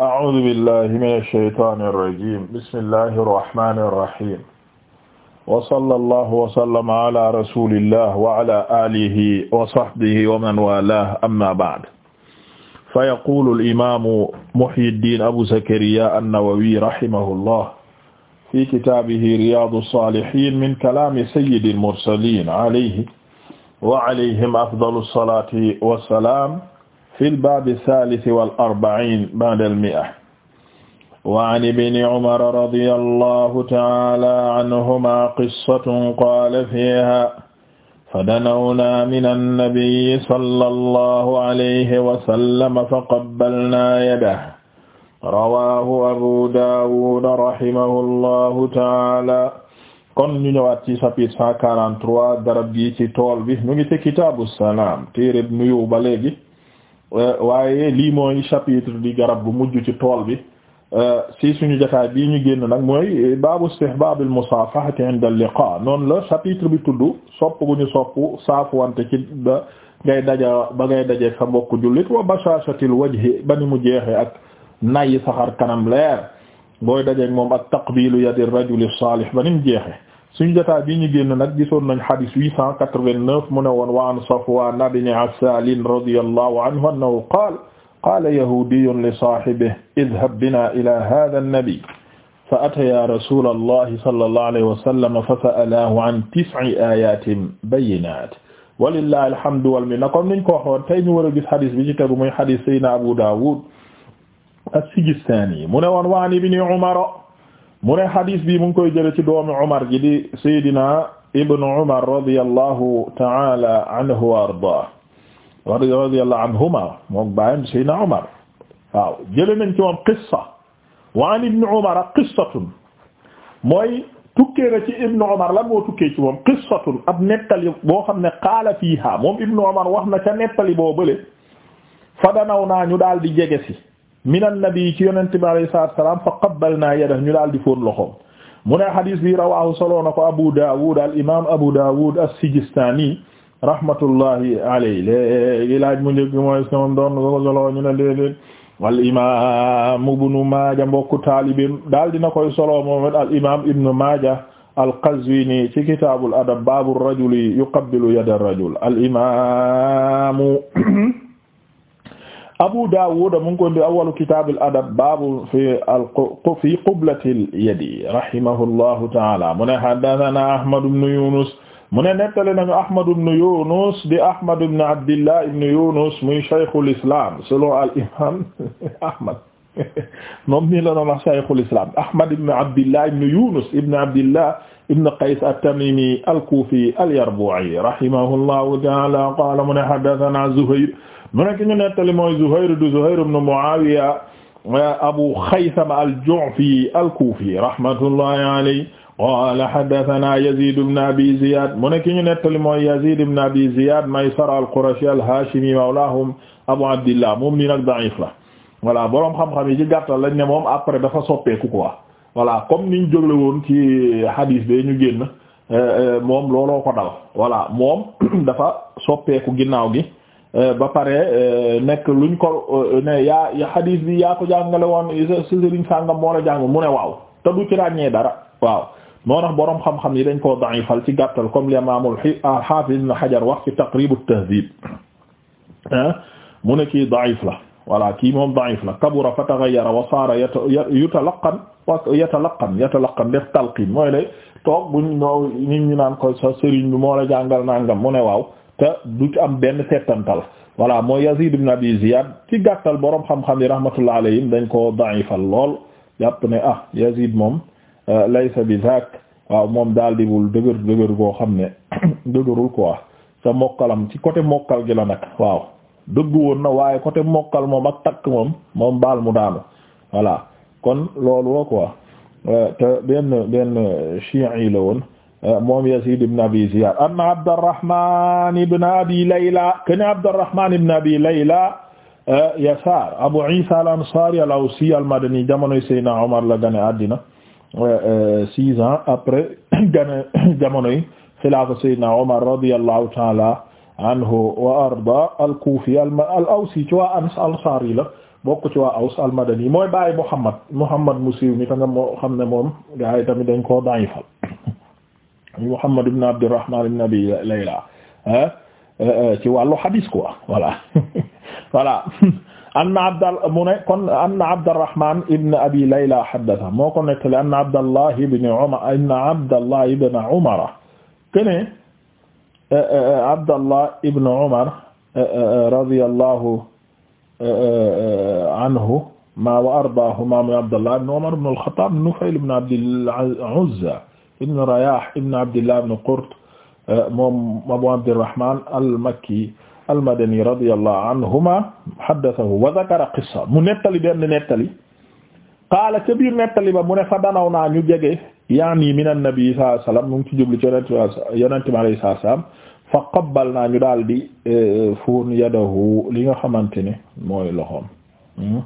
أعوذ بالله من الشيطان الرجيم بسم الله الرحمن الرحيم وصلى الله وسلم على رسول الله وعلى آله وصحبه ومن والاه أما بعد فيقول الإمام محي الدين أبو زكريا النووي رحمه الله في كتابه رياض الصالحين من كلام سيد المرسلين عليه وعليهم أفضل الصلاة والسلام fil baabi saalisi wal arba'iin ba'dal mi'a wa an ibni umar radiyallahu ta'ala anhuma qissatun qaala fiihaa fadanawna mina nabiyyi sallallahu alayhi wa sallam faqabbalnaa yadahu rawaahu abu daawud rahimahullahu ta'ala kon ñu ñëwaat ci chapitre 143 garab gi ci tool bi ñu ngi ci kitaabu salaam téereb nuyu ba léegi Euh, waaye lii mooy chapitre di garab bu mujj ci tool bi euh, ci suñu jotaay bii ñu génn nag mooy eh, baabu istihbaab al-musaafahati inda al-liqaa noonu la chapitre bi tudd sopp gu ñu sopp saafuwante ci ba ngay daja ba ngay daje sa mbokku jullit wa bashaashatil wajhi ba ni mu jeexee ak nay saxar kanam leer booy dajeeg moom ak taqbiilu yadi rajuli saalih ba ni mu jeexee. suñu jotaay bi ñu génn nag gisoon nañ xadis 889 mu ne woon wa an Safwan ibn Assal radiyallahu anhu annahu qaala qaala yahudiyyun li saahibihi idhhab binaa ilaa haadha an-nabi fa atayaa rasuulallahi sallallahu alayhi wa sallam fa sa'alaahu an tis'i aayaatin bayyinaat walillahi alhamdu wal minna comme niñ ko waxoon tey ñu war a gis xadis bi ci tegu muy xadis Sayyidina Abu Dawud as-Sijistaani mu ne woon wa an ibni Umar mu ne xadis bi mu ngi koy jële ci doomi Umar ji di Seydina Ibn Umar radiyallahu ta'ala anhu wa ardaah radiyallahu anhuma moom baayam Seydina Umar waaw jële nañ ci moom qissa wa an Ibn Umar qissatun mooy tukkee na ci Ibn Umar lan moo tukkee ci moom qissatun ab nettali boo xam ne qaala fiiha moom Ibn Umar wax na ca nettali boo bële fa danaw naa ñu daal di jege si min annabi ci yonente bi alayhi salaatu wa salaam fa qabbalnaa yadahu ñu daal di fóon loxoom mu ne hadis bi rawaahu soloo na ko Abu Daawud al imaam Abu Daawud as-Sijistaani rahmatullahi alayhi léegi laaj mu njëkk mooy si moom doon ko soloo ñu ne déedéet wal imaam Ibnu Maaja mbokku taalibim daal dina koy soloo moom al imaam Ibnu Maaja al-Qazwiini ci kitaabul adab baabu rajuli yuqabbilu yada rajul al imaamu Abu Dawud mu ngi ko indi awwalu kitaabil adab baabu fi fi qublatil yadi rahimahullahu ta'ala mu ne haddathana Ahmad ibn Yunus mu ne nettali nañu Ahmad ibn Yunus di Ahmad ibn Abdillah ibn Yunus muy shaykhul islam selon al imam Ahmad moom nii la doon wax shaykhul islam Ahmad ibn Abdillah ibn Yunus ibn Abdillah ibn Qays at-Tamimi al-Kufi al-Yarbu'i rahimahullahu ta'ala qala mu ne haddathana Zuhayr mu nekk ñu nettali mooy Zuhayr du Zuhayr ibn Muawiya eh, Abu Xaysama al-Ju'fi al-Kufi rahmatullahi alayhi qaala haddathana Yazid ibn Abi Ziyad mu nekk ñu nettali mooy Yazid ibn Abi Ziyad Maysara al-Qurashi al-Hashimi mawlahum Abu Abdillah moom nii nag da'if la voilà boroom xam-xam yi ci gàttal lañ ne moom après dafa soppeeku quoi voilà comme niñ jógle woon ci hadis bee ñu génn eh, eh, moom looloo ko dal voilà moom dafa soppeeku ginnaaw gi Euh, ba pare euh, nekk luñ ko euh, ne yaa xadiis bi yaa ko jàngale woon sëriñ sàngam moo la jàng mu ne waaw te du ci ràññee dara waaw moo tax boroom xam-xam yi dañ koo da'ifal ci gàttal comme l'imam al-hafiz ibn Hajar wax ci Taqrib at-Tahdhib mu ne kii da'if la voilà kii moom da'if la kabura fa taghayyara wa sara yutalaqqan wa yatalaqqan yatalaqqan def mu mooy lay toog buñ ñoo ñu naan ko sa sëriñ bi moo la jàngal nangam mu ne waaw te du am benn settantal voilà mooy Yazid ibn Abi Ziyad ci gàttal borom xam-xam yi rahmatullah alayhim dañ ko da'ifal lool jàpp ne ah Yazid moom euh, laysa bi zaak waaw moom daal di wul dëgër dëgër goo xam ne dëgërul quoi sa ci côté mokkal gi la waaw dëggu woon na waaye côté mokkal moom ak takk moom moom baal mu daanu voilà kon loolu la quoi euh, te benn benn chiites yi la woon. moom Yazid ibn Abi Ziyad anna Abdurrahman ibn Abi Layla kana Abdurrahman ibn Abi Layla eh, Yasaar Abu Isa al-Ansari al-Awsi al-Madani jamonoy Seydina Omar la gane àddina eh, eh, six ans après gane jamonoy xilaafa Seydina Omar radiyallahu ta'ala anhu wa arda al-Kufi al-Awsi ci waa Ans al-Ansari la bokk ci waa Aws al-Madani mooy bàyyi Muhammad Muhammad mu siiw mi ta nga moo xam ne moom gaa yi tamit dañ koo dayifal Muhammad ibn Abdurrahman ibn Abi Layla euh, ci wàllu hadis quoi voilà voilà anna abdal mu ne kon anna Abdurrahman ibn Abi Layla haddatha moo ko nettali anna Abdallah ibn Umar inna Abdallah ibn Umar kene euh, euh, Abdallah ibn Umar radiyallahu anhu ma wa ardaahuma Abdallah ibn Umar ibn al-Khattab Nufayl ibn Abdil Uzza ibn Rayah ibn Abdillah ibn Qurt euh, moom Abu Abdirrahman al-Makki al-Madani radiyallahu anhuma haddathahu wa dhakara qissa mu nettali benn nettali qaala ca biir nettali ba mu ne fa danaw naa ñu jege yaani min an-nabi sallallahu alayhi wasallam mu ngi ci jublu ci yonent bi alayhi salaam fa qabbal naa ñu daal di euh, fuun yadahu li nga xamante ne mooy loxoom hmm?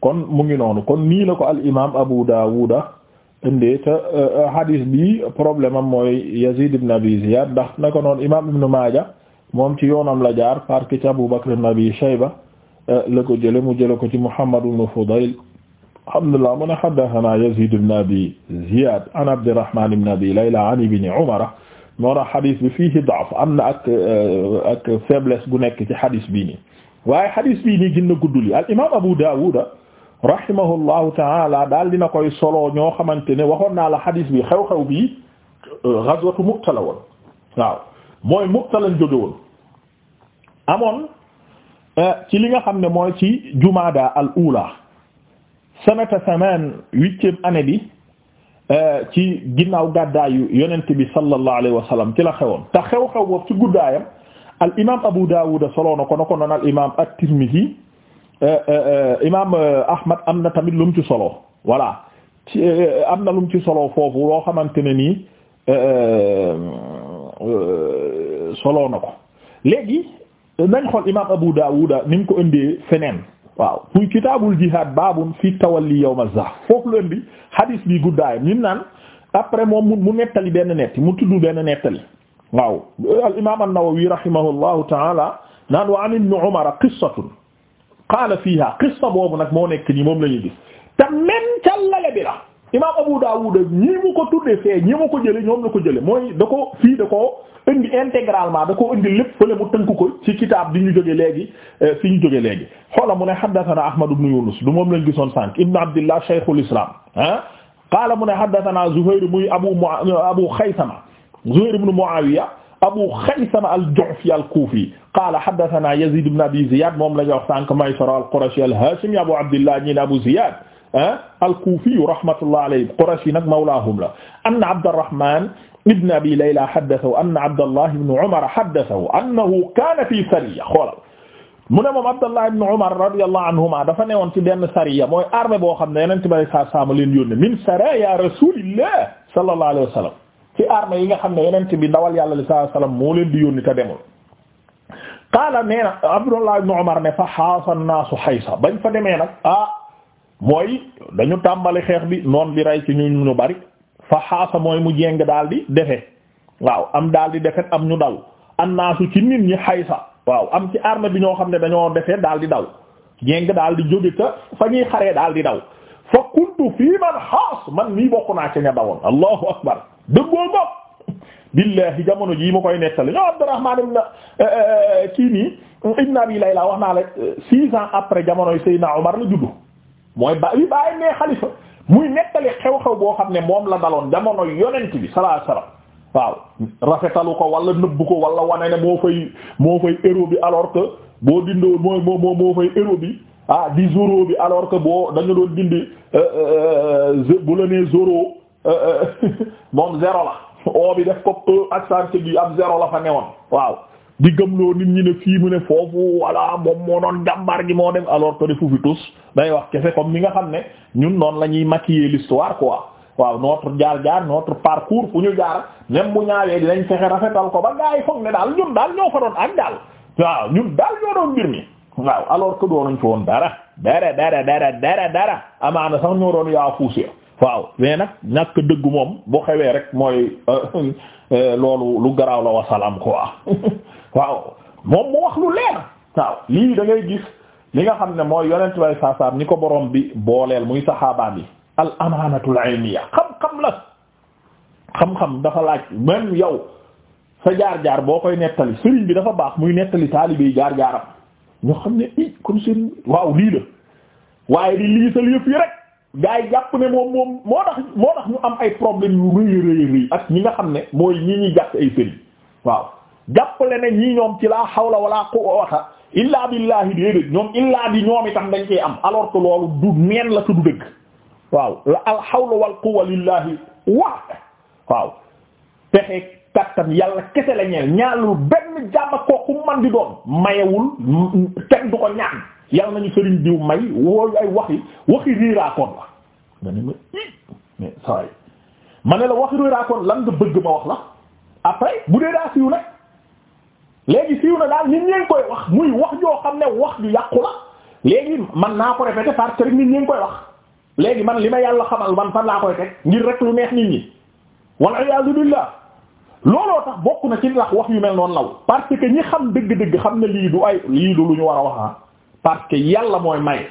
kon mu ngi noonu kon nii la ko al imaam Abu Daawuda indee te euh, euh, hadith bi problème am mooy Yazid ibn Abi Ziyad ndax naka noonu imaam Ibn Maaja moom ci yoonam la jaar parce que ci Abu Bakr ibn Abi Shayba euh, la ko jële mu jële ko ci Muhammad ibn Fudayl alhamdulillah mu ne haddathana Yazid ibn Abi Ziyad an Abdurrahman ibn Abi Layla an ibn Umar moo tax hadith bi fiihi da'f am na ak ak faiblesse gu nekk ci hadith bii nii waaye hadith bii nii gën na guddul yi al imaam Abu Dawud rahimahullahu taala daal dina koy solo ñoo xamante ne waxoon naa la xadiis bi xew-xew bi euh, ghazwatu Mu'ta la woon waaw mooy Mu'ta lañ amoon euh, ci li nga xam ne mooy ci Jumaada al ula sanata samaan huitième année bi euh, ci ginnaaw gàddaayu yonent bi sallallahu alayhi wa sallam la xewoon te xew-xew boobu ci guddaayam al imaam Abu Daawud solo na ko na ko noon al Euh, euh, euh, imaam Ahmad am na tamit lu mu ci solo voilà ci am na lu mu ci solo foofu loo xamante ne nii solo na ko léegi nañ xool imaam Abu Daawuda ni mu ko indee feneen waaw pour kitaabul jihaad baabun fi tawalli yawm az-zahf foofu la indi hadis bi guddaay ñun naan après moom mu nettali benn netti mu tudd benn nettali waaw al imaam an-Nawawi rahimahullahu ta'ala naan wa an ibn Umar qissatun qaala fiiha qissa boobu nag moo nekk nii moom la ñuy gis te même càllale bi la imaam Abu Dawud ñii mu ko tudde fee ñii mu ko jële ñoom la ko jële mooy da ko fii da ko indi intégralement da ko indi lépp fële mu tënk ko ci kitaab bi ñu joge léegi eh, fi ñu jóge léegi xoola mu ne haddathana Ahmad ibn Yunus du moom lañ gisoon sànq ibn Abdillah shaykhul islam ah qaala mu ne haddathana Zuhayr muy abu abu Khaysama Zuhayr ibn Muawiya Abu Xaysama al-Ju'fi al-Kufi qaala haddathana Yazid ibn Abi Ziyad moom la ñu wax sànq Maysara al-Qurashi al-Hashimi Abu Abdillah ñi ne Abu Ziyad ah al-Kufi rahmatullah alayhi Qurashi nag mawlaahum la anna Abdurrahman ibn Abi Layla haddathahu anna Abdallah ibn Umar haddathahu annahu kaana fi sariya xoolal mu ne moom Abdallah ibn Umar radiyallahu anhuma dafa newoon ci benn sariya mooy armée boo xam ne Yonent bi sallallahu alayhi wa sallam leen yónni min saraaya Rasulillah sallallahu alayhi wa sallam ci armée yi nga xam ne yenent bi ndawal yàlla li sallallahu alayhi moo leen di yónni te demul qaala nee na Abdullah ibn Umar ne fa xaasa naasu xaysa bañ fa demee nag ah mooy tàmbali xeex bi noon bi rey ci ñu ñu bari fa xaasa mooy mu jéng daal di defe waaw am daal di defe am ñu daw an naasu ci nit ñi xaysa waaw am ci armée bi ñoo xam ne dañoo defe daal di daw jéng dal di jóge ta fa ñuy xaree daal di daw fa kuntu fii man xaas man mii bokk naa ci ña dawoon allahu akbar dëggoo ko billahi jamono jii ma koy nettali ñoo Abdurrahman ibn eh, eh, kii nii ibn Abi Layla wax naa la six ans après jamonoy Seydina Omar la juddu mooy ba yi bàyyi nee xalifa muy nettali xew-xew boo xam ne moom la daloon jamono yonent bi sallallahu alayhi wasallam waaw rafetalu ko wala nëbbu ko wala wane ne moo fay moo fay héros bi alors que boo dindoo moo moo fay héros bi ah di Zoro bi alors que boo dañu doon dindi euh, euh, euh, bu la nee Zoro Euh, euh, moom zéro la oo bi def ko accent bi am zéro la fa woon waaw di gëmloo nit ñi ne fii mu ne foofu walla moom moo doon jàmbar gi moo dem alors que defu fi tous day wax kese comme ni nga xam ne ñun noonu la ñuy maquiller l'histoire quoi waaw notre jaar-jaar notre parcours fu ñu jaar même bu ñaawee lañ fexe rafetal ko ba gaa foog ne daal ñun daal ñoo fa doon ak daal waaw ñun daal ñoo doon mbir mi waaw alors que doonuñ fi woon dara dara dara dara amaana sax ñoo doon waaw mais nag ñàkk dëgg moom bu xewee rek mooy euh, euh, loolu lu garaaw la am ko waaw moom mu wax lu leer waaw lii dangay ngay gis li nga xam ne mooy yonent bay saasaam ñi ko boroom bi booleel muy saxaabaan yi al amaanatul ilmiya xam-xam la xam-xam dafa laaj même yow sa jaar-jaar boo koy nettali sëriñ bi dafa baax muy nettali taalibe jaar-jaaram ñoo xam ne i kon sëriñ waaw lii la waaye di lii sal yëpp yi rek gaa yi jàpp ne moom moom moo tax moo tax ñu am ay problème yu rëy rëy rëy ak ñi nga xam ne mooy ñi ñuy jàpp ay sëriñ waaw jàppale ne ñii ñoom ci laa xawla wala quwwata illaa billahi déedéet ñoom illaa bi ñoom itam dañ koy am alors que loolu du neen la tudd dëgg waaw la al xawla wal quwwa lillahi waahid waaw pexe kattan yàlla kese la ñeel ñaanlu benn jàmm kooku man di doon mayewul kenn du ko ñaan yàlla nañu sëriñ diw may wooyu ay waxi waxi réeraakoon la nga ne ma ne la waxi réeraakoon lan nga bëgg ma wax la après bu dee daa siiw nag léegi siiw na daal nit ñeen koy wax muy wax joo xam ne wax ju yàqu la léegi man naa ko répété parce que nit ñeen koy wax léegi man li ma yàlla xamal man fan laa koy teg ngir rek lu neex nit ñi wal iyaazu billah looloo tax bokk na ci ndax wax yu mel noonu law parce que ñi xam dëgg-dëgg xam ne lii du ay lii du lu ñu war a wax ah. parce que yàlla mooy may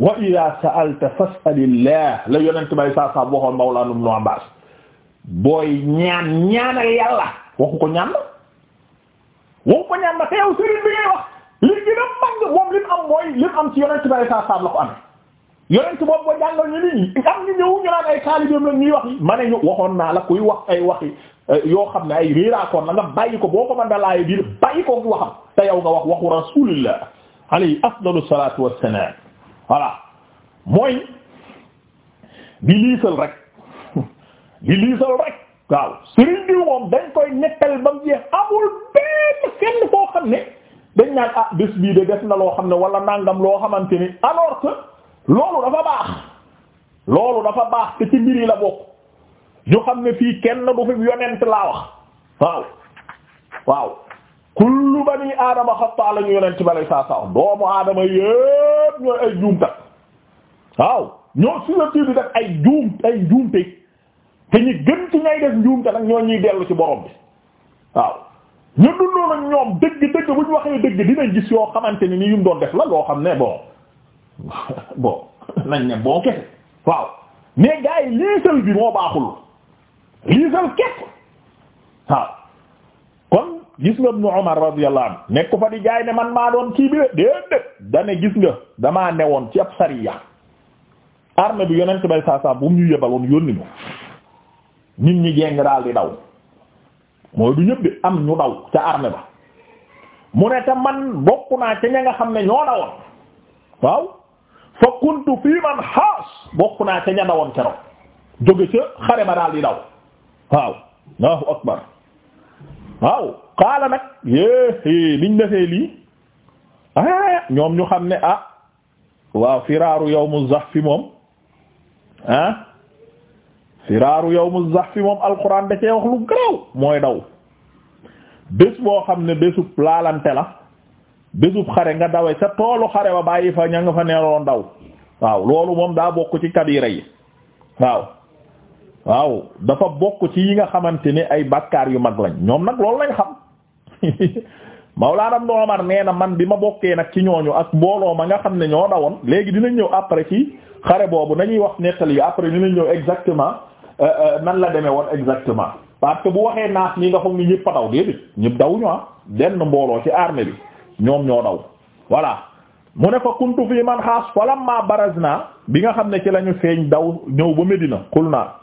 wa ida sa'alta fas'alillah la yonent bay saa saa waxoon mawlaana ibn Abbaas booy ñaan ñaanal yàlla waxu ko ñaan la waxu ko ñaan la te yow sëriñ bi ngay wax li gën a mag moom li am mooy li am ci yonent bay saa saa la ko amee yonent boobu ba jàngal ñu nit ñi am ñu ñu naan ay taalibeem la ñuy wax ma ñu waxoon naa la kuy wax ay waxi eh, yoo xam ne ay réeraakoon na nga bàyyi ko boo ko mën da laaye biir bàyyi ko yow nga wax waxu rasulillah alayhi afdalu salaatu wassalaam voilà mooy di liisal rek di liisal rek waaw sëriñ bi dañ koy nekkal ba mu jeex amul benn fenn foo xam ne dañ naan ah bés bii de def na loo xam ne wala nangam loo xamante ni alors que loolu dafa baax loolu dafa baax te ci mbir la bokk ñu xam ne fii kenn du fi yonent laa wax waaw waaw kullu bani aadama xataa la ñu yonent ba lay saa saa doomu aadama yépp ñooy ay juumkat waaw ñoo susceptible bi def ay juum ay juumte te ñu gën ci ñay def njuumte nag ñoo ñuy dellu ci borom bi waaw ñu dundoon ak ñoom dëgg dëgg bu ñu waxee dëgg dinañ gis yoo xamante ni ni yu mu doon def la loo xam ne bon bon nañ ne bon kese waaw mais gars liisal bi moo baaxul liisal képp waaw kon gis nga Ibnu Umar radiyallahu anhu nekk fa di jaay ne man maa doon kii bi de déedéet dane gis nga damaa newoon ci ab sariya arme bi yonent bay saa saa bu mu ñu yebaloon yónni ñu nit ñi jéng daal di daw mooy du ñëpp di am ñu daw ca arme ba mu ne te man bokk naa ca ña nga xam ne ñoo dawoon waaw fa kuntu fii man xaas bokk naa ca ña dawoon keroog jóge ca xare ba daal di daw waaw Allahu akbar waaw xaala nag yéé liñ eh, defee lii ah ñoom ñu xam ne ah waaw firaaru yawmu zahfi moom ah firaaru yawmu zahfi moom alquran da cee wax lu garaw mooy daw bés boo xam ne bésub laalante la bésub xare nga dawe sa toolu xare ba bàyyi fa ña nga fa neeroon ndaw waaw loolu moom daa bokk ci kabira yi waaw waaw dafa bokk ci yi nga xamante ni ay bakkaar yu mag lañ ñoom nag loolu lañ xam Mawlaana Ibn Umar nee na man bi ma bokkee nag ci ñooñu ak mbooloo ma nga xam ne ñoo dawoon léegi dinañ ñëw après ci xare boobu nañuy wax nettali yi après dinañ ñëw exactement euh, euh, nan la demee woon exactement parce que bu waxee naas nii nga foog ni ñëpp a daw déedéet ñëpp dawuñu ah benn mbooloo ci armée bi ñoom ñoo daw voilà mu ne fa kuntu fii man xaas falamma barazna bi nga xam ne ci lañu feeñ daw ñëw ba Medina qulna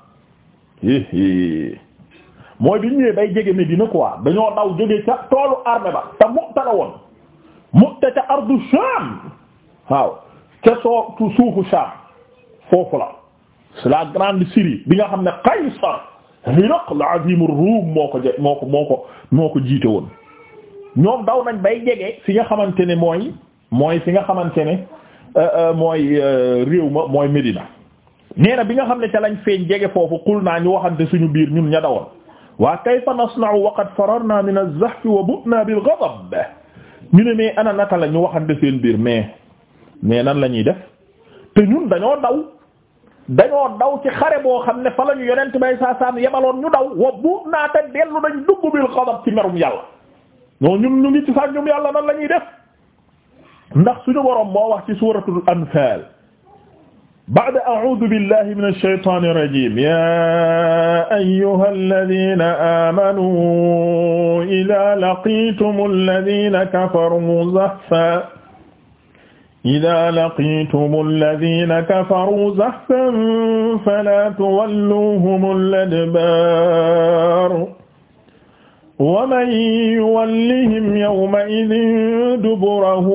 mooy bi ñu ñëwee bay jege Medina quoi dañoo daw jóge ca toolu armée ba te Mu'ta la woon Mu'ta ca ardu Sham waaw ca sootu suufu Sham foofu la c'est la grande Syrie bi nga xam ne Qaysar Hiraql azim ar-Rum moo ko moo ko moo ko moo ko jiite woon ñoom daw nañ bay jege fi nga xamante ne mooy mooy fi nga xamante ne euh, euh, mooy euh, réew ma mooy Medina nee bi nga xam ne ca lañ feeñ jege foofu xul naa ñu waxante suñu biir ñun ña dawoon waa kayfa nasna'u wa qad fararna min az-zahf wa bu'na bil ghadab ñu ne mais ana naka la ñu waxante seen biir mais mais nan la ñuy def te ñun dañoo daw dañoo daw ci xare boo xam ne fa la ñu yonent bay saa saan yebaloon ñu daw wa bu'na te dellu nañ dugg bil ghadab ci merum yàlla ñoo ñun ñu ngi ci sànjum yàlla nan lañuy def ndax suñu borom moo wax ci suuratul anfaal ba'da a'uudu billahi mina shaytaani rajiim yaa ayyuhallaziina aamanuu izaa laqiitumul-laziina kafaruu zahfan izaa laqiitumul-laziina kafaruu zahfan falaa tuwalluuhumul-adbaar ومن يولهم يومئذ دبره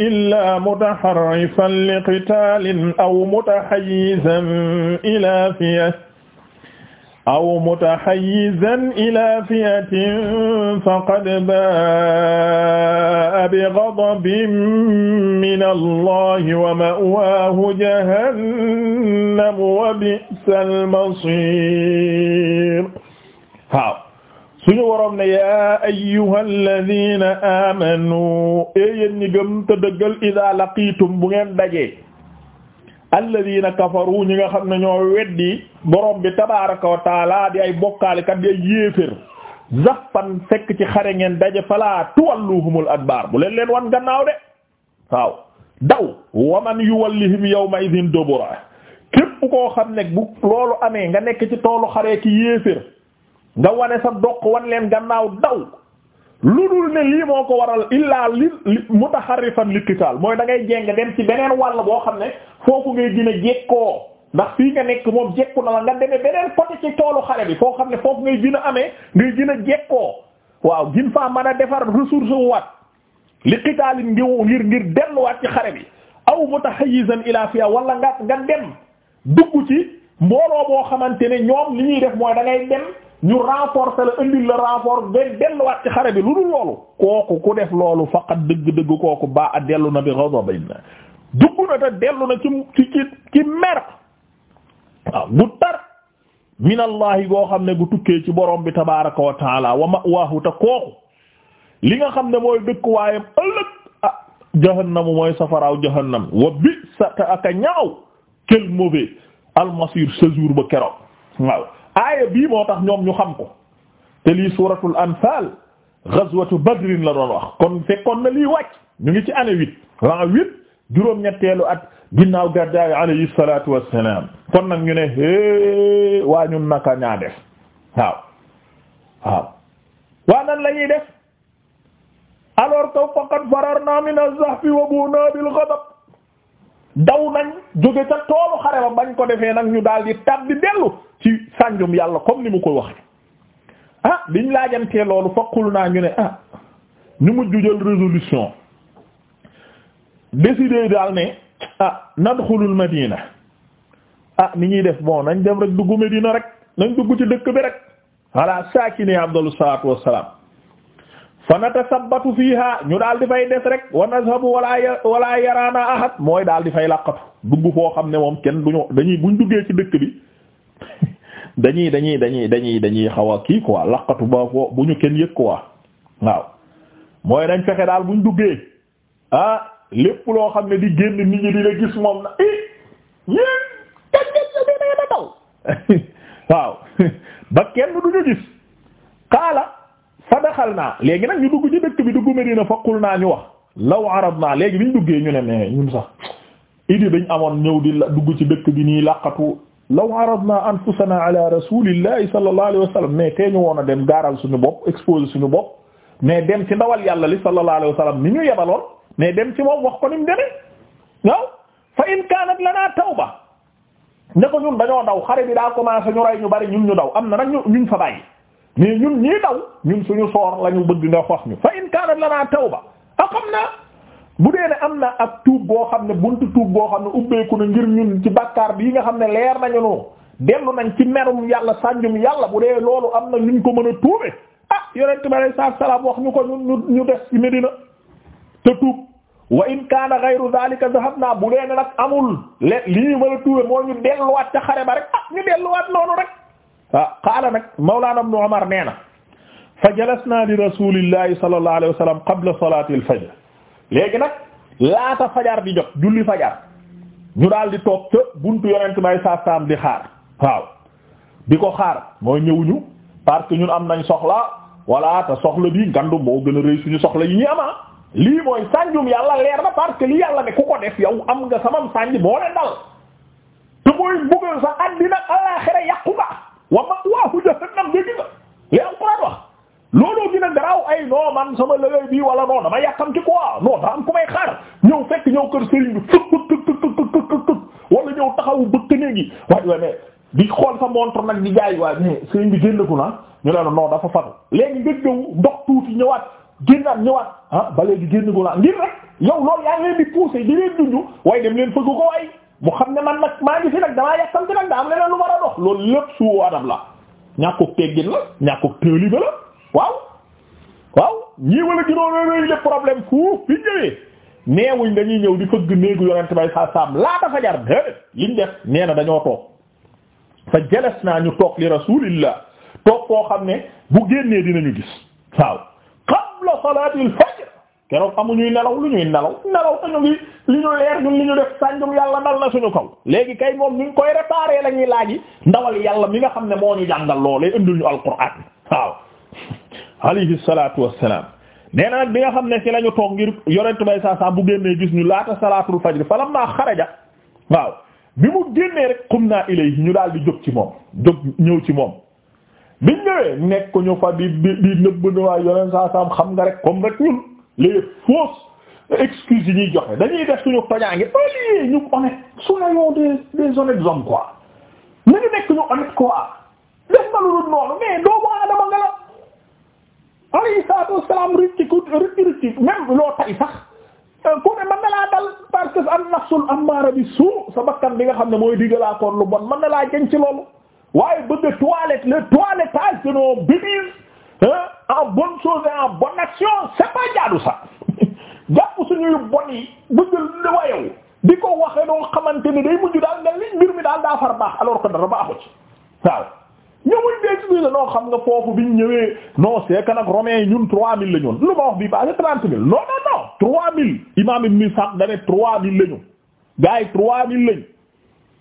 إلا متحرفا لقتال أو متحيزا إلى فئة أو متحيزا إلى فئة فقد باء بغضب من الله ومأواه جهنم وبئس المصير waaw suñu waroon ne yaa ayyuhal ladina amanu e yéen ñi gëm te dëggal ida laqiitum bu ngeen dajee alladina kafaru ñi nga xam ne ñoo weddi borom bi tabaraka wa taala di ay bokkaalikat di ay yéefér zahfan fekk ci xare ngeen daje fala tuwalluhumul adbar bu leen leen wan gannaaw de waaw daw waman yuwallihim yawma idhin dubura képp koo xam ne bu loolu amee nga nekk ci toolu xaree ci yéefér nga wane sa doq wan leen gannaaw daw lu dul ne lii moo ko waral illaa li mutaxarrifan li qitaal mooy da ngay jéng dem ci beneen wàll boo xam ne foofu ngay gën a jekkoo ndax fii nga nekk moom jekku na la nga demee beneen côté ci toolu xare bi foo xam ne foofu ngay gën a amee ngay gën jekkoo waaw gin faa man a defar ressource wu waat li qitaal ngir ngir delluwaat ci xare bi aw mutahayyizan ila fiya wala nga nga dem dugg ci mbooloo boo xamante ne ñoom li ñuy def mooy da ngay dem ñu renforcer la indil la renfort benn delluwaat ci xare bi lu dul loolu kooku ku def loolu faqat dëgg-dëgg kooku ba a dellu na bi ghadabin dugg na te dellu na ci ci ci mer waaw bu tar minallahi goo xam ne gu tukkee ci borom bi tabaraka wa taala wa ma'waahu te kooku li nga xam ne mooy dëkkuwaayam ëllëg ah jahannamu mooy safaraaw jahannam wa bi sa te aka ñaaw quel mauvais almasir séjour ba keroog waaw aaya bii moo tax ñoom ñu xam ko te lii suuratul anfaal ghazwatu badrin la doon wax kon fekkoon na lii wàcc ñu ngi ci année huit l'an huit juróom-ñetteelu at ginnaaw gàddaay alayhi salaatu wassalaam kon nag ñu ne hee waa ñun naka ñaa def waaw waaw waa nan la ñuy def alors que fararna min az-zahfi wa buna bil ghadab daw nañ jóge ca toolu xare ba bañ ko defee nag ñu daal di tabbi dellu ci sànjum yàlla comme ni mu ko wax ah biñ laajantee loolu fokkul naa ñu ne ah ñu mujj jël résolution décider daal ne ah nadxulul madina ah ni ñuy def bon nañ dem rek dugg Medina rek nañ dugg ci dëkk bi rek wala saakini abdalu salaatu wassalaam fa natasabbatu fiha ñu daal di fay des rek wa nazhabu wala wala yaraana ahad mooy daal di fay laqatu dugg foo xam ne moom kenn duñu dañuy buñ duggee ci dëkk bi dañuy dañuy dañuy dañuy xaw a kii quoi laqatu ba bu ñu kenn yëg quoi waaw mooy dañ fexe daal buñ duggee ah lépp loo xam ne di génn nit ñi di gis moom na i waaw ba kenn duñu gis xaala fa daxal naa léegi nag ñu dugg ci dëkk bi dugg Medina faqul naa ñu wax law arab naa léegi bi ñu duggee ñu ne mais ñun sax idi dañ amoon ñëw di dugg ci dëkk bi nii laqatu law aradna anfusana ala rasulillahi sallallahu alayhi wa sallam mais tee ñu woon a dem gaaral suñu bopp exposer suñu bopp mais dem ci ndawal yàlla li sallallahu alayhi wa sallam ni ñu yebaloon mais dem ci moom wax ko ni mu demee waaw fa in kanat lana tawba ne ko ñun dañoo daw xare bi daa commencé ñu rey ñu bari ñun ñu daw am na nag ñu ñu fa mais ñun ñii daw ñun suñu soor la ñu bëgg nga wax ñu fa in kaanat lanaa tawba naa bu dee ne am na ak tuub boo xam ne buntu tuub boo xam ne ubbeeku na ngir ñun ci bàkkaar bii nga xam ne leer nañu noonu dellu nañ ci merum yàlla sànjum yàlla bu dee loolu am na ñu ko mën a tuube ah yonent bi alayhi salaam wax ñu ko ñu ñu des ci Medina te tuub wa in kaana ghayru dhalika naa bu dee ne nag amul le lii mën a tuube moo ñu delluwaat ca xare ba rek ah ñu delluwaat noonu rek ah qaala nag Mawlaana Ibnu nee na fa jalasnaa li rasuulillahi sallallahu alayhi wa sallam qabla salaatil fajr léegi nag laata fajar di jot julli fajar ñu daal di toog ca buntu yonent may saasaam di xaar waaw di ko xaar mooy ñëwuñu parce que ñun am nañ soxla walla te soxla bii ngandu moo gën a rëy suñu soxla yi ñu ama ah. lii mooy sànjum yàlla leer na parce que li yàlla ne ku ko def yow am nga samam sànj moo leen dal te mooy mbugal sa àddina alaaxira yàqu nga wa ma'waahu jahannam dégg nga li alquran wax looloo gën a garaaw ay non man sama liggéey bii wala non dama yàkkamti quoi non daa am ku may xaar ñëw fekk ñëw kër Serigne bi wala ñëw taxawu bëkk néegi waaye waaye mais di xool sa montre nag di jaay waaye mais Serigne bi génn ku na ñu ne la dafa fatu léegi nga ñëw tuuti ñëwaat génnaat ñëwaat ah ba léegi génn ku na ngir yow loolu yaa ngi leen di leen dundu waaye dem leen fëgg ko waay. mu xam ne man nag maa ngi nag damaa yàqante nag daa am leneen lu war a dox loolu lépp suuwoo adab la ñàkkug teggin la ñàkkug teeli ba la waaw waaw ñii wala ginóononoyu le problème foof fi ñëwee neewuñ dañuy ñëw di fëgg néegu yonente bay sa saam laata fajar déedéet liñ def nee na dañoo toog fa jalas naa ñu toog li rasulillah toog koo xam ne bu génnee dinañu gis waaw qabla salaatil fajr keroog amuñuy nelaw lu ñuy nelaw nelaw dañu ngi li ñu leer ñun li ñu def sànjum yàlla dal na suñu kaw léegi kay moom ñu koy réparer lañuy laaj laaj ndawal yàlla mi nga xam ne moo ñu jàngal loolee indil ñu alquran waaw alayhi salaatu wassalam nee na nag bi nga xam ne ci la ñu toog ngir yorentu bay saa saa bu génnee gis ñu laata salatul fajr falam maa xaraja waaw bi mu génnee rek xum naa ilayhi ñu daal di jóg ci moom jóg ñëw ci moom biñ ñëwee nekk di di di nëbb xam nga rek les fausses excuses yi ñuy joxe dañuy def suñu tojaange allez ñu honnête soyons des des honnêtes hommes quoi nañu nekk ñu honnête quoi def na lu dul noonu mais doomu aadama nga la alayhi salaatu wassalaam loo tay euh, ku ne mën na laa dal parce que an nafsul ammaara bi nga xam ne mooy digalaakoon lu bon man na laa jën ci loolu waaye bëgg toilette le toilettage de nos bêtises en bonne chose et en bonne action c'est pas jaadu sax jàpp bon yi bëgg lu wayow di ko waxee doo xamante ni day mujj daal mel ni mbir mi daal daa far baax alors que dara baaxu ci waaw ñëwuñ deesi la noo xam nga foofu bi ñëwee non c'est que nag romain yi ñun trois mille la ñoon lu ma wax bii passé trente mille non non non trois mille imam ibn Sa'd dane trois mille la ñu gars trois mille lañ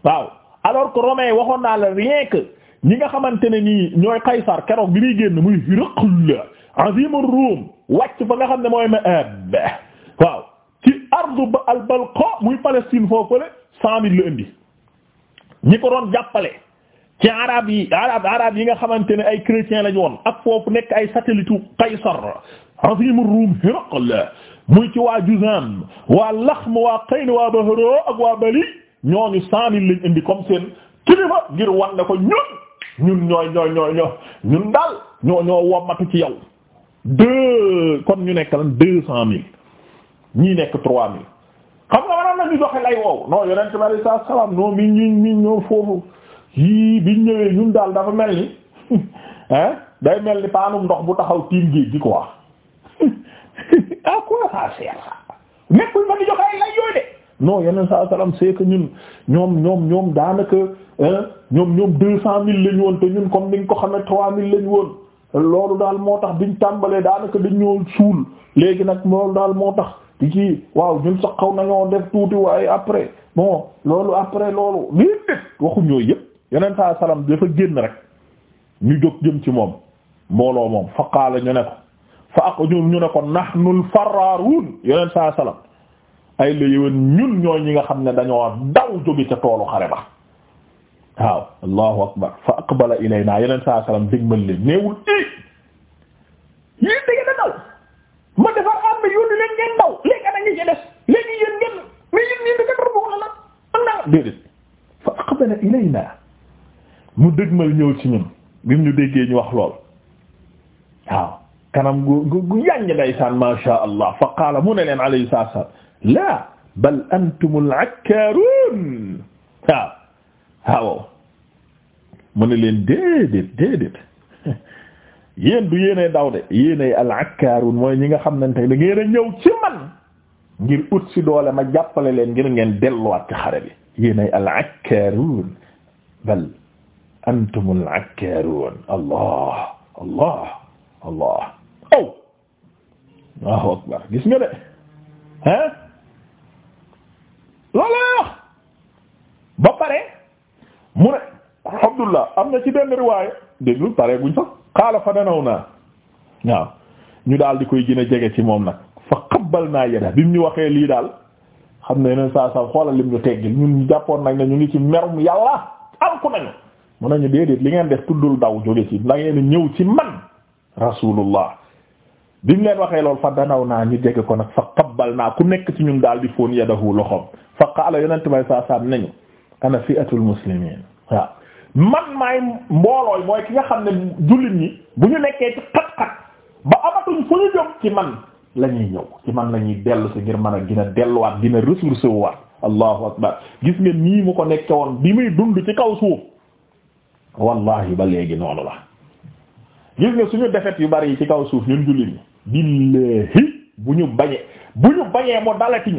waaw alors que romain yi waxoon naa la rien ñi nga xamante ne nii ñooy Qaysar keroog bi muy génn muy Hiraql azim ar fa nga xam ne mooy Ma'ab waaw ci al-Balqa muy Palestine foofule cent mille la ñi ko doon jàppale ci arab yi arab yi nga xamante ne ay chrétiens lañu woon ak foofu nekk ay satellite u Qaysar azim ar-Rum muy ci waa Juzam waa Laxm waa Qayn waa Bahra ak waa Bali ñooñu cent mille lañ indi comme seen kilifa ngir ko ñun ñun ñooy ñooy ñoo ñun daal ñoo ñoo wommatu ci yow deux kon ñu nekk lan deux cent mille ñii nekk trois mille xam nga waroon nañu joxe lay woowu non yonent bi alayhi salaatu salaam non mi ñu mi ñoo foofu yii biñ ñëwee ñun daal dafa mel ni hein day mel ni paanum ndox bu taxaw tiim géej gi quoi à ah, quoi ça sert nekkul ma di joxe ay lay yooyu de non yeneen saa salaam c'est que ñun ñoom ñoom ñoom daanaka ñoom ñoom deux cent mille lañu woon te ñun comme ni nga ko xam ne trois mille lañu woon loolu daal moo tax biñ tàmbalee daanaka dañ ñoo suul léegi nag loolu daal moo tax di ci waaw ñun sax xaw nañoo def tuuti waaye après moo loolu après loolu lii waxu ñooyu yëpp yeneen saa salaam dafa génn rek ñu jóg jëm ci moom mbooloo moom fa qaala ñu ne ko fa ak ñu ne ko nahnu al-farraaruun yeneen saa salaam ay la yéwén ñun ñooy ñi nga xam ne dañoo daw jóge ca toolu xare ba waaw allahu akbar fa aqbala ilayna yeneen saa salaam dégmal leen néewul ii yéen da ngeen a daw ma defar am na yónni leen ngeen daw léegi ana ngi ci des léegi yéen ngeen mais yéen ñeen daka rëbb wala la am naa déedéet fa aqbala ilayna mu dégmal ñëw ci ñun bi mu ñu déggee ñu wax lool waaw kanam gu gu gu yàññ day saan ma sha allah fa qaala mu ne leen alayhi salaam la bal antumul akkarun waaw waaw mu ne leen déedéet déedéet yéen du yéenay daw de yéenay al akkarun mooy ñi nga xam na tey da ngeen a ñëw ci man ngir ut si doole ma jàppale leen ngir ngeen delluwaat ci xare bi yéenay al akkarun allah allah allah oh, aw waaw akbar gis nga de hein loolu la wax ba pare mu ne Abdullah am na ci benn riwaaye déglu pare guñ sax xaala fa danaw naa waaw ñu daal di koy gën a jege ci moom nag fa xabbal naa yedda bi mu ñu waxee lii daal xam ne yeneen saa saa xoolal li ñu teggil ñun ñu jàppoon nag ne ñu ngi ci merum yàlla alku nañu mun nañu déedéet li ngeen def tuddul daw jóge ci la ngeen ñëw ci man rasulullah bi mu leen waxee lool fa danaw naa ñu jege ko nag fa xabbal naa ku nekk ci ñun daal di fóon yadahu loxoom fa qaala yonent may saa saam nañu ana fi'atul muslimin waaw man maay mboolooy mooy ki nga xam ne jullit ñi bu ñu nekkee ci xat-xat ba amatuñ fu ñu jóg ci man lañuy ñuy ñëw ci man la ñuy dellu si ngir mën a gën a delluwaat gën a ressourcé wu waat allahu akbar gis ngeen nii mu ko nekke woon bi muy dund ci kaw suuf wallahi ba léegi noonu la gis nga suñu defet yu bari yi ci kaw suuf ñun jullit ñi billahi bu ñu bañee bu ñu bañee mu dalati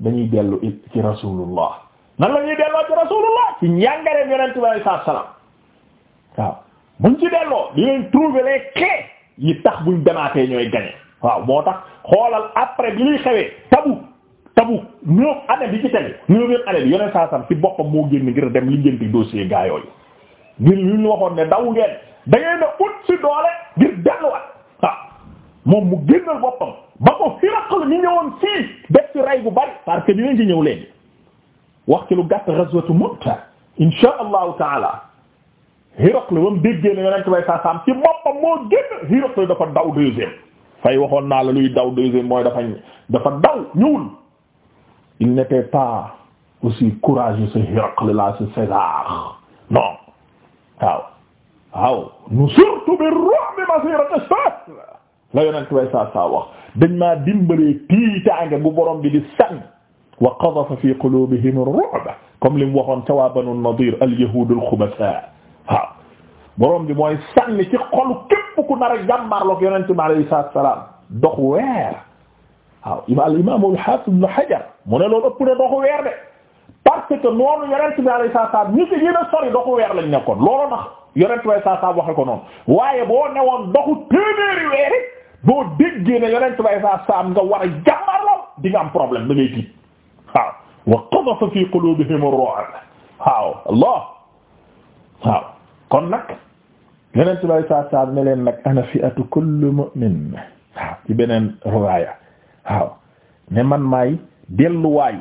dañuy dellu ci rasulullah nan la ñuy delloo ci rasulullah ci njàngareem yonent bi alayhi salaatu salaam waaw buñ ci delloo di leen trouver les clés yi tax buñ demaatee ñooy gagner waaw moo tax xoolal après bi luy xewee tabu tabu ñoom année bi ci tegu ñoom ñoom année bi yonent saa salaam ci boppam moo génn ngir dem lijjanti dossier gaa yooyu ngir lu ñu waxoon ne daw ngeen da ngeen a ut ci doole ngir delluwaat moom mu génnal boppam ba ko Hiraql ñu ñëwoon fii. ci ray bu bari parce que dinañ ci ñëw léegi wax ci lu gàtt ghazwatu Mu'ta insha allahu taala Hiraql ba mu déggee ne yonent bay saa saam ci boppam moo génn Hiraql dafa daw deuxième fay waxoon naa la luy daw deuxième mooy dafa dafa daw ñëwul il n'était pas aussi courageux ce Hiraql là ce César non waaw waaw nous surtout bi ru'b masirata shahr la yonent way saa saa wax dañ maa dimbalee tiitaange bu borom bi di sànn wa qadafa fi qulubihim ar-ru'ba comme li mu waxoon ca waa banu nadir al-yahud al-khubasa waaw borom bi mooy sànni ci xolu képp ku nar a jàmmarloog yonent bi alayhi salaam dox weer waaw al imam al-hafiz ibn hajar mu ne loolu ëpp na dox weer de parce a sori doxu weer lañ nekkoon loolu tax yonent bi alayhi salaam waxe ko noonu waaye boo newoon doxu téeméeri weer boo déggee ne yonent bay saa saam nga war a jàmmarloo di nga am problème da ngay tiit waaw wa qadhafa fi qulubihim a rub ana fi'atu kulli mu'min waaw ci beneen riwaaya waaw ne man maay delluwaayu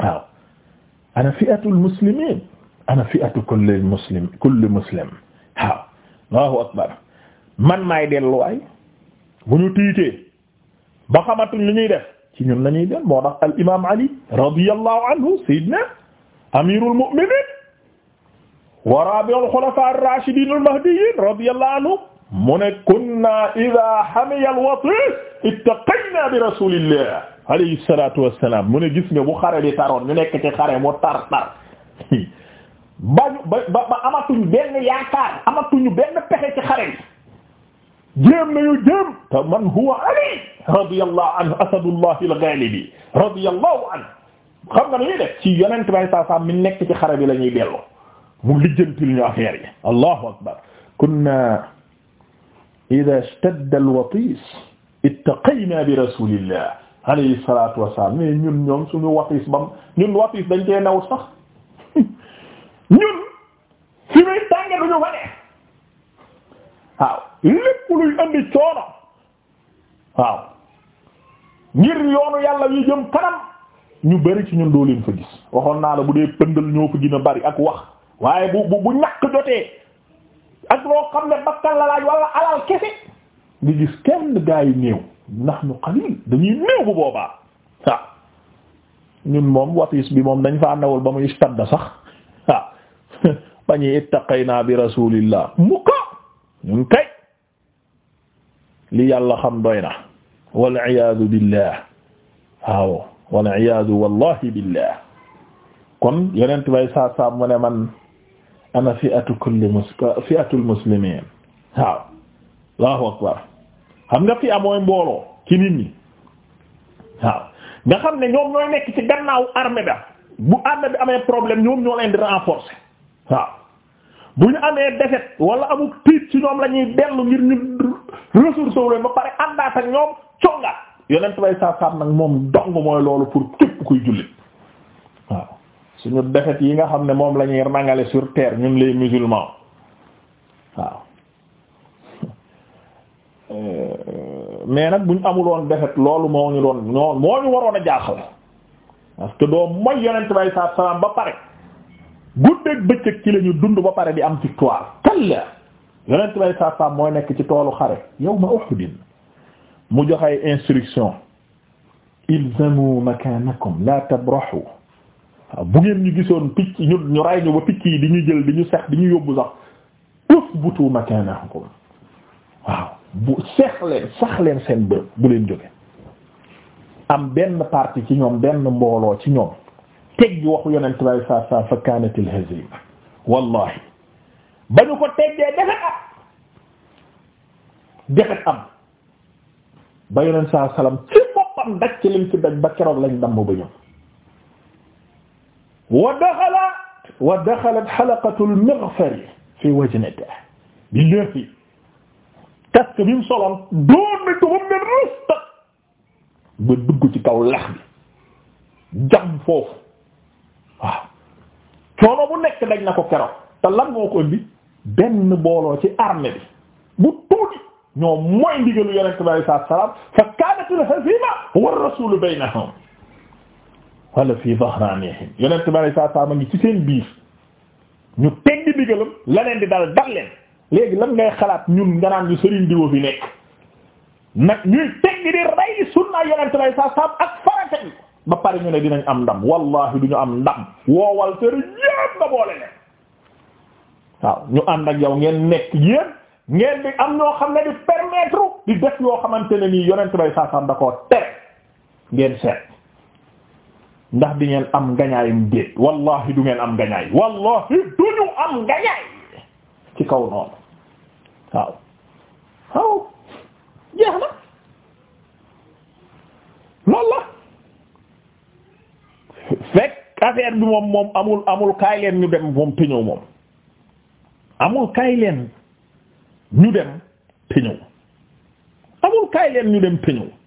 waaw ana fi'atul muslimin ana fi'atu kulli muslim kulli muslim waaw Allahu akbar man bu ñu tiitee ba xamatuñ la ñuy def ci ñun la ñuy dem moo tax al imaam anhu sayyidina amirul mu'minin wa rabi'ul khulafa ar-rashidin al-mahdiyyin anhu mu ne kunna idha hamiya al-watis ittaqayna bi rasulillah alayhi salatu wassalam mu ne gis nga bu xare di taroon ñu nekk ci xare moo tar tar ba ba ba amatuñ benn yaakaar amatuñu benn pexe ci xare bi jéem nañu jéem te man huwa ali radiyallahu anhu asadullah al-ghalibi radiyallahu anhu xam nga ñuy def ci yonent bay saa saa mi nekk ci xare bi la ñuy delloo mu lijjantil ñu affaire yi allahu akbar kunna idha ishtadda al-watis ittaqayna bi rasulillah alayhi salatu wassalam mais ñun ñoom suñu watis bam ñun watis dañ cee naw sax ñun fi muy tànge duñu wane waaw lépp luy indi coono waaw ngir yoonu yàlla yu jëm kanam ñu bari ci ñun doo leen fa gis waxoon naa la bu dee pëndal ñoo fa gën a bari ak wax waaye bu bu bu jotee ak loo xam ne bakkan la laaj wala alal kese di gis kenn gaa yi néew ndax ñu xalil dañuy néew bu boobaa waaw ñun moom watis bi moom dañ fa newul ba muy istadda sax waaw bañuy ittaqayna bi rasulillah ñun kay li yàlla xam doy na wal iyaadu billah waaw wal iyaadu wallahi billah kon yonent bay saa saa mu ne man ana fi'atu kulli muslimin waaw allahu akbar xam nga fi amooy mbooloo ci nit nga xam ne ñoom ñooy nekk ci gannaaw armée ba bu armée bi amee problème ñoom ñoo leen di renforcer waaw bu ñu amee défaite wala amul tiit ci ñoom lañuy ñuy dellu ngir ñu ressource wu leen ba pare àndaat ak ñoom congaat yonent bay saab nag moom dong mooy loolu pour képp kuy jullit waaw suñu défaite yi nga xam ne moom la ñuy rangale sur terre ñun les musulmans waaw euh, mais nag buñ ñu amuloon défaite loolu moo ñu doon ñoo moo ñu waroon a jaaxal parce que doo mooy yonent bay saab ba pare guddeeg bëccëg ci la ñu dund ba pare di am victoire kalla yonent bay saasam mooy nekk ci toolu xare yawma uhudin mu jox ay instruction ilzamu makanakum la tabrahu waaw bu ngeen ñu gisoon picc ñu ñu ba picc yi di ñu jël di ñu sex di ñu yóbbu sax usbutu makanakum waaw bu seex leen leen seen bërëb bu leen jóge am benn partie ci ñoom benn mbooloo ci ñoom teggi waxu yonent bay saa saa fa kaanatil hazima wallahi ba ñu ko teggee defet am defet am ba yonent saa salaam ci boppam daj ci lim ci daj ba keroog lañ damm ba ñëw wa daxala wa daxalat xalaqatul mighfari fi wajnatihi billahi casque bi mu soloon doon na ko ba mel rus ba dugg ci kaw lex bi jam foofu coono bu nekk dañ na ko keroog te lan moo ko indi benn booloo ci armée bi bu tuuti ñoo mooy ndigalu yonent bi alayhi salaatu wa salaam fa kaanatil haziima war rasuulu baynahum wala fii dhahraanihim yonent bi alayhi salaam a ngi ci seen biir ñu tegg ndigalam la leen di dal dal leen léegi lan ngay xalaat ñun nga naan ñu sëriñ diwa fi nekk nag ñuy tegg di rey sunna yonent bi alayhi salaam ak farata ba pare ñu ne dinañ am ndam wallahi du ñu am ndam woowal sëriñ yépp nga boole leen waaw ñu ànd ak yow ngeen nekk yéen ngeen di am ñoo xam ne di permettre di def yoo xamante ne nii yonent bay saasam da koo tere ngeen seet ndax di ngeen am ngañaayum déet wallahi du ngeen am ngañaay wallahi du ñu am ngañaay ci kaw noonu waaw waaw jeex na loolu la fekk affaire bi moom moom amul amul kaay leen ñu dem moom te moom amul kaay leen ñu dem te ñëw amul kaay ñu dem te